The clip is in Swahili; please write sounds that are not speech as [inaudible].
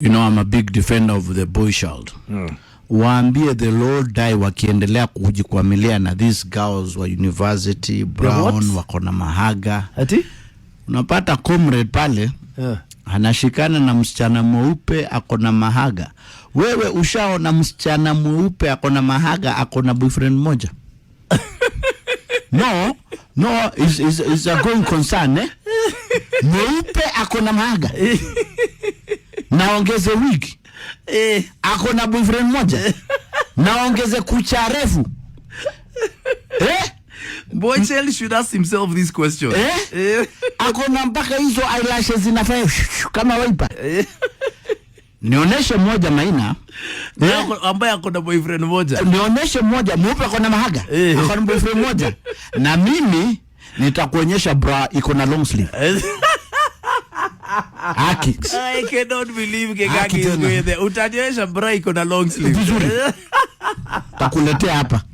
you know, I'm a big defender of the boy child mm. Waambie the lord die wakiendelea kujikwamilia na these girls wa university brown wako na mahaga Ati? Unapata comrade pale yeah. Anashikana na msichana mweupe ako na mahaga. Wewe ushaona msichana mweupe ako na mahaga ako na boyfriend moja? [laughs] No, no, is is is a going concern eh? [laughs] Mweupe ako na mahaga [laughs] naongeze wigi eh, ako na boyfriend moja [laughs] naongeze kucha refu [laughs] eh? Boy Boychel should ask himself this question eh? Eh? [laughs] ako na mpaka hizo eyelashes zinafanya kama waipa eh? Nionyeshe moja Maina eh? ambaye ako na boyfriend moja, nionyeshe moja mupe ako na mahaga eh, ako na boyfriend moja na mimi nitakuonyesha bra iko na long sleeve eh kicks. I cannot believe ah, is going there. bra iko na long sleeve. [laughs] Takuletea hapa.